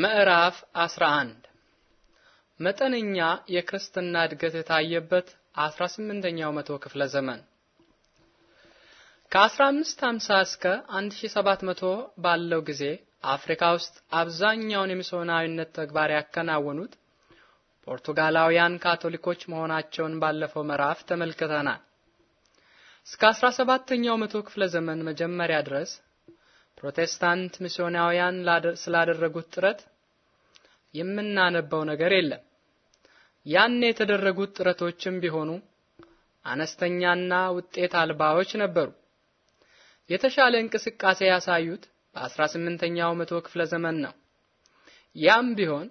ምዕራፍ 11 መጠነኛ የክርስትና እድገት የታየበት 18ኛው መቶ ክፍለ ዘመን ከ1550 እስከ 1700 ባለው ጊዜ አፍሪካ ውስጥ አብዛኛውን የሚስዮናዊነት ተግባር ያከናወኑት ፖርቱጋላውያን ካቶሊኮች መሆናቸውን ባለፈው ምዕራፍ ተመልክተናል። እስከ 17ኛው መቶ ክፍለ ዘመን መጀመሪያ ድረስ ፕሮቴስታንት ሚስዮናውያን ስላደረጉት ጥረት የምናነባው ነገር የለም። ያን የተደረጉት ጥረቶችም ቢሆኑ አነስተኛና ውጤት አልባዎች ነበሩ። የተሻለ እንቅስቃሴ ያሳዩት በ18ኛው መቶ ክፍለ ዘመን ነው። ያም ቢሆን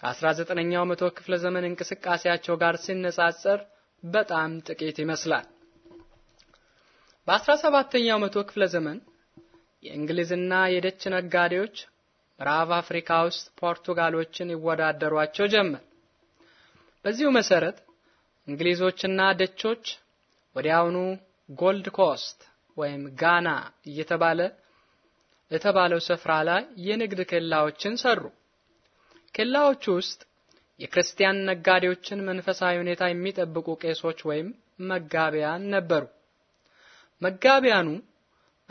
ከ19ኛው መቶ ክፍለ ዘመን እንቅስቃሴያቸው ጋር ሲነጻጸር በጣም ጥቂት ይመስላል። በ17ኛው መቶ ክፍለ ዘመን የእንግሊዝና የደች ነጋዴዎች ምዕራብ አፍሪካ ውስጥ ፖርቱጋሎችን ይወዳደሯቸው ጀመር። በዚሁ መሰረት እንግሊዞችና ደቾች ወዲያውኑ ጎልድ ኮስት ወይም ጋና እየተባለ የተባለው ስፍራ ላይ የንግድ ኬላዎችን ሰሩ። ኬላዎቹ ውስጥ የክርስቲያን ነጋዴዎችን መንፈሳዊ ሁኔታ የሚጠብቁ ቄሶች ወይም መጋቢያን ነበሩ። መጋቢያኑ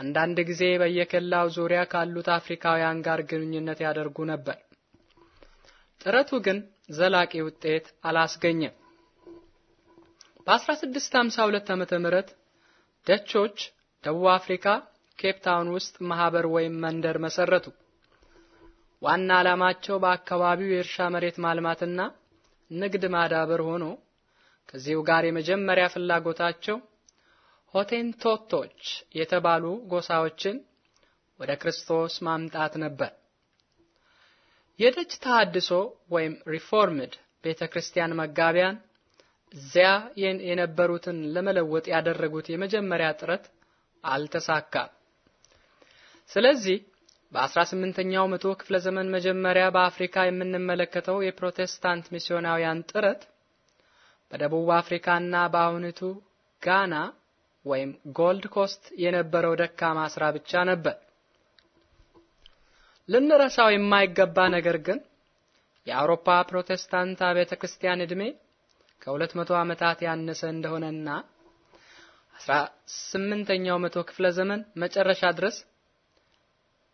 አንዳንድ ጊዜ በየኬላው ዙሪያ ካሉት አፍሪካውያን ጋር ግንኙነት ያደርጉ ነበር። ጥረቱ ግን ዘላቂ ውጤት አላስገኘም። በ1652 ዓመተ ምህረት ደቾች ደቡብ አፍሪካ ኬፕ ታውን ውስጥ ማህበር ወይም መንደር መሰረቱ። ዋና ዓላማቸው በአካባቢው የእርሻ መሬት ማልማትና ንግድ ማዳበር ሆኖ ከዚሁ ጋር የመጀመሪያ ፍላጎታቸው ሆቴንቶቶች የተባሉ ጎሳዎችን ወደ ክርስቶስ ማምጣት ነበር። የደጅ ተሐድሶ ወይም ሪፎርምድ ቤተክርስቲያን መጋቢያን እዚያ የነበሩትን ለመለወጥ ያደረጉት የመጀመሪያ ጥረት አልተሳካም። ስለዚህ በ18ኛው መቶ ክፍለ ዘመን መጀመሪያ በአፍሪካ የምንመለከተው የፕሮቴስታንት ሚስዮናውያን ጥረት በደቡብ አፍሪካና በአሁኒቱ ጋና ወይም ጎልድ ኮስት የነበረው ደካማ ስራ ብቻ ነበር። ልንረሳው የማይገባ ነገር ግን የአውሮፓ ፕሮቴስታንት አብያተ ክርስቲያን እድሜ ከ200 ዓመታት ያነሰ እንደሆነና 18ኛው መቶ ክፍለ ዘመን መጨረሻ ድረስ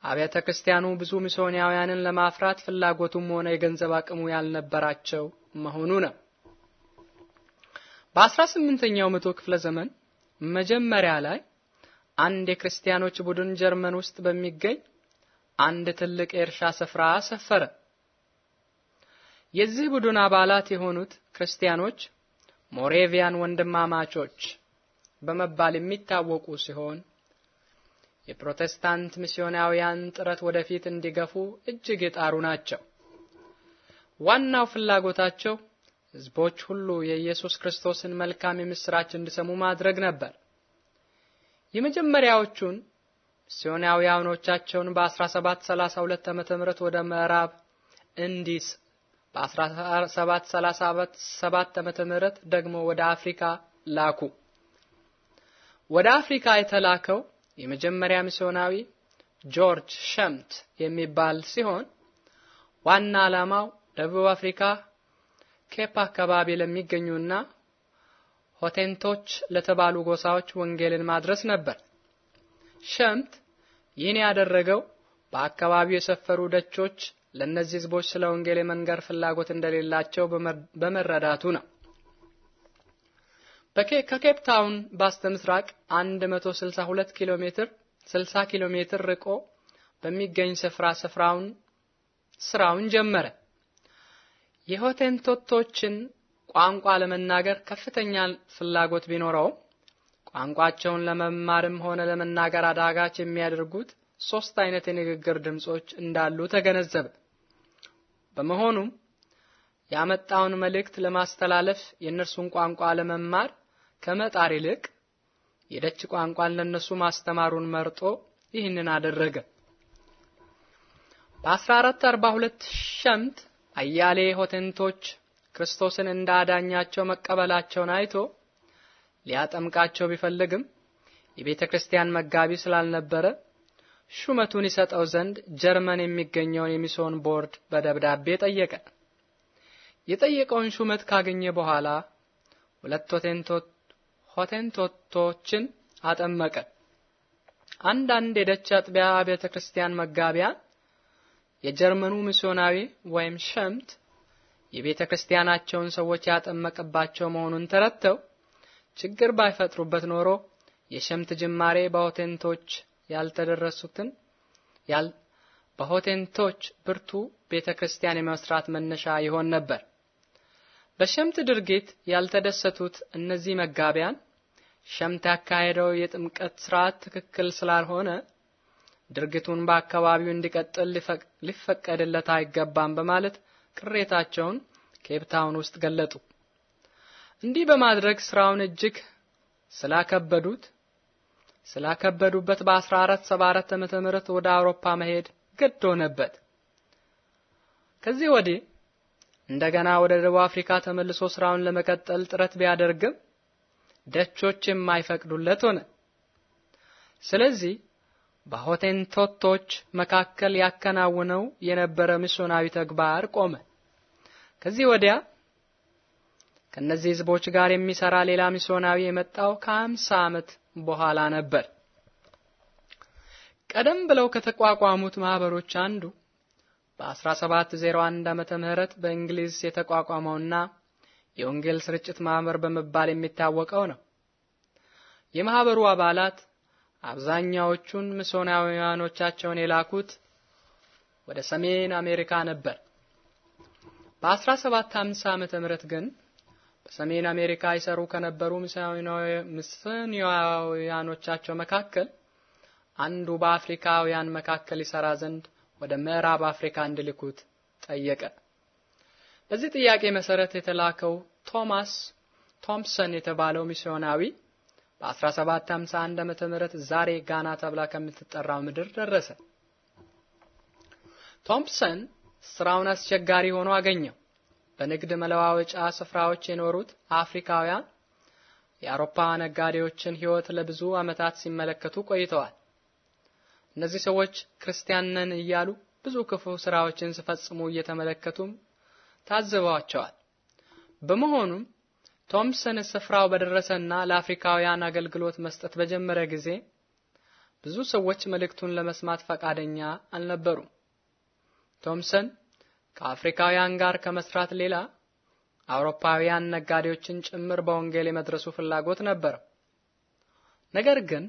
አብያተ ክርስቲያኑ ብዙ ሚስዮናውያንን ለማፍራት ፍላጎቱም ሆነ የገንዘብ አቅሙ ያልነበራቸው መሆኑ ነው። በ18ኛው መቶ ክፍለ ዘመን መጀመሪያ ላይ አንድ የክርስቲያኖች ቡድን ጀርመን ውስጥ በሚገኝ አንድ ትልቅ የእርሻ ስፍራ ሰፈረ። የዚህ ቡድን አባላት የሆኑት ክርስቲያኖች ሞሬቪያን ወንድማማቾች በመባል የሚታወቁ ሲሆን የፕሮቴስታንት ሚስዮናውያን ጥረት ወደፊት እንዲገፉ እጅግ የጣሩ ናቸው። ዋናው ፍላጎታቸው ህዝቦች ሁሉ የኢየሱስ ክርስቶስን መልካም የምስራች እንዲሰሙ ማድረግ ነበር። የመጀመሪያዎቹን ሚስዮናውያኖቻቸውን በ1732 ዓመተ ምህረት ወደ ምዕራብ እንዲስ በ1737 ዓመተ ምህረት ደግሞ ወደ አፍሪካ ላኩ። ወደ አፍሪካ የተላከው የመጀመሪያ ሚስዮናዊ ጆርጅ ሸምት የሚባል ሲሆን ዋና ዓላማው ደቡብ አፍሪካ ኬፕ አካባቢ ለሚገኙና ሆቴንቶች ለተባሉ ጎሳዎች ወንጌልን ማድረስ ነበር። ሸምት ይህን ያደረገው በአካባቢው የሰፈሩ ደቾች ለእነዚህ ህዝቦች ስለ ወንጌል የመንገር ፍላጎት እንደሌላቸው በመረዳቱ ነው። ከኬፕ ታውን ባስተ ምስራቅ 162 ኪሎ ሜትር 60 ኪሎ ሜትር ርቆ በሚገኝ ስፍራ ስፍራውን ስራውን ጀመረ። የሆቴንቶቶችን ቋንቋ ለመናገር ከፍተኛ ፍላጎት ቢኖረውም ቋንቋቸውን ለመማርም ሆነ ለመናገር አዳጋች የሚያደርጉት ሶስት አይነት የንግግር ድምጾች እንዳሉ ተገነዘበ። በመሆኑም ያመጣውን መልእክት ለማስተላለፍ የእነርሱን ቋንቋ ለመማር ከመጣር ይልቅ የደች ቋንቋን ለነሱ ማስተማሩን መርጦ ይህንን አደረገ። በ1442 ሸምት አያሌ ሆቴንቶች ክርስቶስን እንዳዳኛቸው መቀበላቸውን አይቶ ሊያጠምቃቸው ቢፈልግም የቤተ ክርስቲያን መጋቢ ስላልነበረ ሹመቱን ይሰጠው ዘንድ ጀርመን የሚገኘውን የሚሶን ቦርድ በደብዳቤ ጠየቀ። የጠየቀውን ሹመት ካገኘ በኋላ ሁለት ሆቴንቶቶችን አጠመቀ። አንዳንድ የደች አጥቢያ ቤተ ክርስቲያን መጋቢያን የጀርመኑ ሚስዮናዊ ወይም ሸምት የቤተ ክርስቲያናቸውን ሰዎች ያጠመቀባቸው መሆኑን ተረድተው ችግር ባይፈጥሩበት ኖሮ የሸምት ጅማሬ በሆቴንቶች ያልተደረሱትን ያል በሆቴንቶች ብርቱ ቤተ ክርስቲያን የመስራት መነሻ ይሆን ነበር። በሸምት ድርጊት ያልተደሰቱት እነዚህ መጋቢያን ሸምት ያካሄደው የጥምቀት ስርዓት ትክክል ስላልሆነ ድርጊቱን በአካባቢው እንዲቀጥል ሊፈቀድለት አይገባም በማለት ቅሬታቸውን ኬፕታውን ውስጥ ገለጡ። እንዲህ በማድረግ ስራውን እጅግ ስላከበዱት ስላከበዱበት በ1474 ዓመተ ምህረት ወደ አውሮፓ መሄድ ግድ ሆነበት። ከዚህ ወዲህ እንደገና ወደ ደቡብ አፍሪካ ተመልሶ ስራውን ለመቀጠል ጥረት ቢያደርግም ደቾች የማይፈቅዱለት ሆነ። ስለዚህ በሆቴንቶቶች መካከል ያከናውነው የነበረ ሚስዮናዊ ተግባር ቆመ። ከዚህ ወዲያ ከነዚህ ህዝቦች ጋር የሚሰራ ሌላ ሚስዮናዊ የመጣው ከ50 ዓመት በኋላ ነበር። ቀደም ብለው ከተቋቋሙት ማህበሮች አንዱ በ1701 ዓመተ ምህረት በእንግሊዝ የተቋቋመውና የወንጌል ስርጭት ማህበር በመባል የሚታወቀው ነው። የማህበሩ አባላት አብዛኛዎቹን ምሶናውያኖቻቸውን የላኩት ወደ ሰሜን አሜሪካ ነበር። በ1750 ዓመተ ምህረት ግን በሰሜን አሜሪካ ይሰሩ ከነበሩ ምሶናውያኖቻቸው መካከል አንዱ በአፍሪካውያን መካከል ይሰራ ዘንድ ወደ ምዕራብ አፍሪካ እንዲልኩት ጠየቀ። በዚህ ጥያቄ መሰረት የተላከው ቶማስ ቶምሰን የተባለው ሚስዮናዊ በ1751 ዓመተ ምህረት ዛሬ ጋና ተብላ ከምትጠራው ምድር ደረሰ። ቶምፕሰን ስራውን አስቸጋሪ ሆኖ አገኘው። በንግድ መለዋወጫ ስፍራዎች የኖሩት አፍሪካውያን የአውሮፓ ነጋዴዎችን ሕይወት ለብዙ ዓመታት ሲመለከቱ ቆይተዋል። እነዚህ ሰዎች ክርስቲያን ነን እያሉ ብዙ ክፉ ስራዎችን ሲፈጽሙ እየተመለከቱም ታዝበዋቸዋል። በመሆኑም ቶምሰን ስፍራው በደረሰና ለአፍሪካውያን አገልግሎት መስጠት በጀመረ ጊዜ ብዙ ሰዎች መልእክቱን ለመስማት ፈቃደኛ አልነበሩም። ቶምሰን ከአፍሪካውያን ጋር ከመስራት ሌላ አውሮፓውያን ነጋዴዎችን ጭምር በወንጌል የመድረሱ ፍላጎት ነበር። ነገር ግን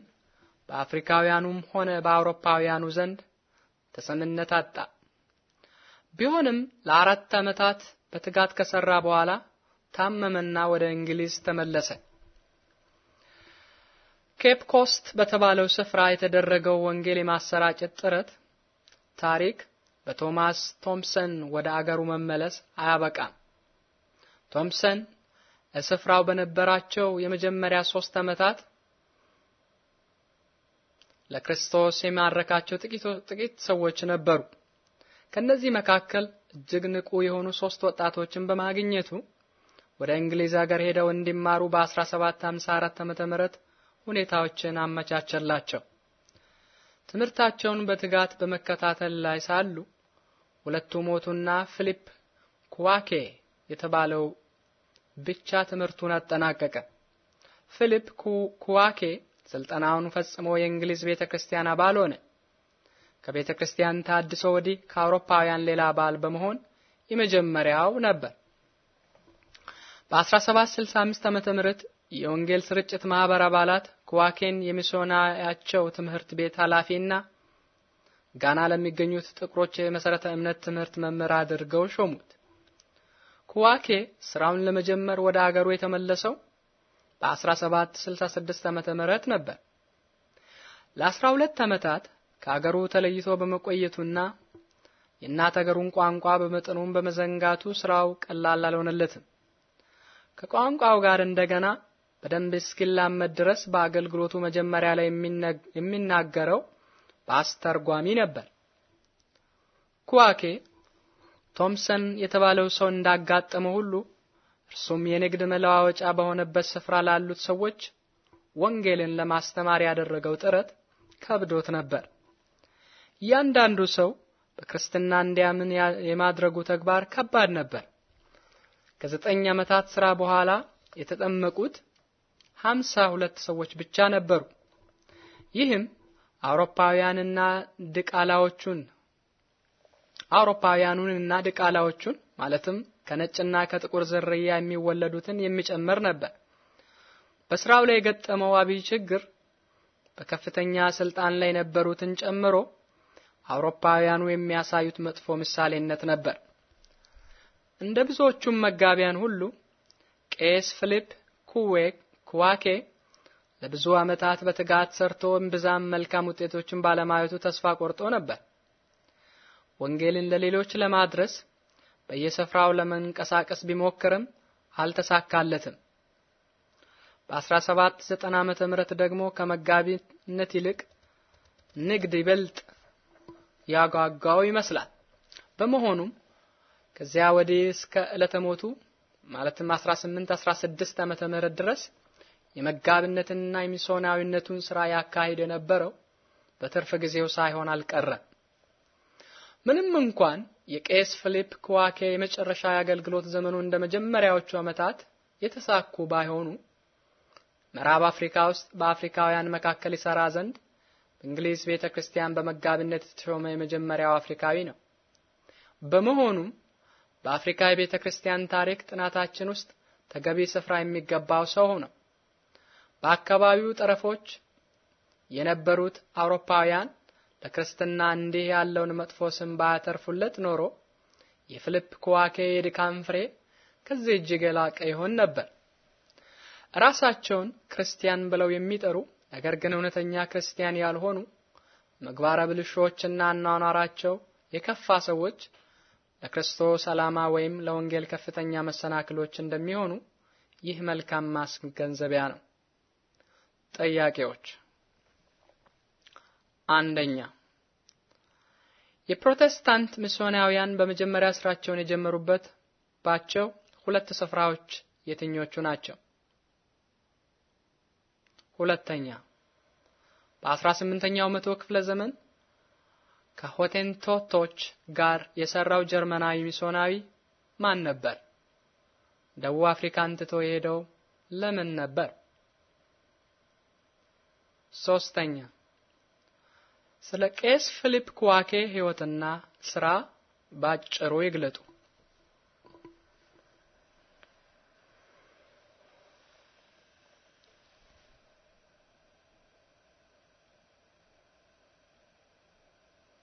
በአፍሪካውያኑም ሆነ በአውሮፓውያኑ ዘንድ ተሰምነት አጣ። ቢሆንም ለአራት ዓመታት በትጋት ከሰራ በኋላ ታመመና ወደ እንግሊዝ ተመለሰ። ኬፕ ኮስት በተባለው ስፍራ የተደረገው ወንጌል የማሰራጨት ጥረት ታሪክ በቶማስ ቶምሰን ወደ አገሩ መመለስ አያበቃም። ቶምሰን ለስፍራው በነበራቸው የመጀመሪያ ሶስት ዓመታት ለክርስቶስ የማረካቸው ጥቂት ሰዎች ነበሩ። ከነዚህ መካከል እጅግ ንቁ የሆኑ ሶስት ወጣቶችን በማግኘቱ ወደ እንግሊዝ ሀገር ሄደው እንዲማሩ በ1754 ዓመተ ምህረት ሁኔታዎችን አመቻቸላቸው። ትምህርታቸውን በትጋት በመከታተል ላይ ሳሉ ሁለቱ ሞቱና ፊሊፕ ኩዋኬ የተባለው ብቻ ትምህርቱን አጠናቀቀ። ፊሊፕ ኩዋኬ ስልጠናውን ፈጽሞ የእንግሊዝ ቤተክርስቲያን አባል ሆነ። ከቤተክርስቲያን ታድሶ ወዲህ ከአውሮፓውያን ሌላ አባል በመሆን የመጀመሪያው ነበር። በ1765 ዓመተ ምህረት የወንጌል ስርጭት ማህበር አባላት ኩዋኬን የሚስዮናያቸው ትምህርት ቤት ኃላፊና ጋና ለሚገኙት ጥቁሮች የመሰረተ እምነት ትምህርት መምህር አድርገው ሾሙት። ኩዋኬ ስራውን ለመጀመር ወደ አገሩ የተመለሰው በ1766 ዓመተ ምህረት ነበር። ለ12 ዓመታት ከአገሩ ተለይቶ በመቆየቱና የእናት አገሩን ቋንቋ በመጠኑም በመዘንጋቱ ስራው ቀላል አልሆነለትም። ከቋንቋው ጋር እንደገና በደንብ እስኪላመድ ድረስ በአገልግሎቱ መጀመሪያ ላይ የሚናገረው በአስተርጓሚ ነበር። ኩዋኬ ቶምሰን የተባለው ሰው እንዳጋጠመው ሁሉ እርሱም የንግድ መለዋወጫ በሆነበት ስፍራ ላሉት ሰዎች ወንጌልን ለማስተማር ያደረገው ጥረት ከብዶት ነበር። እያንዳንዱ ሰው በክርስትና እንዲያምን የማድረጉ ተግባር ከባድ ነበር። ከዘጠኝ ዓመታት ስራ በኋላ የተጠመቁት ሀምሳ ሁለት ሰዎች ብቻ ነበሩ። ይህም አውሮፓውያንና ድቃላዎቹን አውሮፓውያኑንና ድቃላዎቹን ማለትም ከነጭና ከጥቁር ዝርያ የሚወለዱትን የሚጨምር ነበር። በስራው ላይ የገጠመው አብይ ችግር በከፍተኛ ስልጣን ላይ የነበሩትን ጨምሮ አውሮፓውያኑ የሚያሳዩት መጥፎ ምሳሌነት ነበር። እንደ ብዙዎቹም መጋቢያን ሁሉ ቄስ ፊሊፕ ኩዋኬ ለብዙ ዓመታት በትጋት ሰርቶ እምብዛም መልካም ውጤቶችን ባለማየቱ ተስፋ ቆርጦ ነበር። ወንጌልን ለሌሎች ለማድረስ በየስፍራው ለመንቀሳቀስ ቢሞክርም አልተሳካለትም። በ1790 ዓመተ ምህረት ደግሞ ከመጋቢነት ይልቅ ንግድ ይበልጥ ያጓጓው ይመስላል። በመሆኑም ከዚያ ወዲህ እስከ ዕለተ ሞቱ ማለትም 18 16 ዓመተ ምህረት ድረስ የመጋብነትና የሚሶናዊነቱን ስራ ያካሂድ የነበረው በትርፍ ጊዜው ሳይሆን አልቀረም። ምንም እንኳን የቄስ ፊሊፕ ክዋኬ የመጨረሻ የአገልግሎት ዘመኑ እንደ መጀመሪያዎቹ ዓመታት የተሳኩ ባይሆኑ ምዕራብ አፍሪካ ውስጥ በአፍሪካውያን መካከል ይሰራ ዘንድ በእንግሊዝ ቤተ ክርስቲያን በመጋቢነት የተሾመ የመጀመሪያው አፍሪካዊ ነው። በመሆኑም በአፍሪካ የቤተ ክርስቲያን ታሪክ ጥናታችን ውስጥ ተገቢ ስፍራ የሚገባው ሰው ነው። በአካባቢው ጠረፎች የነበሩት አውሮፓውያን ለክርስትና እንዲህ ያለውን መጥፎ ስም ባያተርፉለት ኖሮ የፊሊፕ ኩዋኬ የድካም ፍሬ ከዚህ እጅግ የላቀ ይሆን ነበር። ራሳቸውን ክርስቲያን ብለው የሚጠሩ ነገር ግን እውነተኛ ክርስቲያን ያልሆኑ ምግባረ ብልሾችና አኗኗራቸው የከፋ ሰዎች ለክርስቶስ ዓላማ ወይም ለወንጌል ከፍተኛ መሰናክሎች እንደሚሆኑ ይህ መልካም ማስገንዘቢያ ነው። ጥያቄዎች፣ አንደኛ የፕሮቴስታንት ሚስዮናውያን በመጀመሪያ ስራቸውን የጀመሩበት ባቸው ሁለት ስፍራዎች የትኞቹ ናቸው? ሁለተኛ በ18ኛው መቶ ክፍለ ዘመን ከሆቴንቶቶች ጋር የሰራው ጀርመናዊ ሚስዮናዊ ማን ነበር? ደቡብ አፍሪካን ትቶ የሄደው ለምን ነበር? ሶስተኛ ስለ ቄስ ፊሊፕ ኩዋኬ ሕይወትና ስራ ባጭሩ ይግለጡ።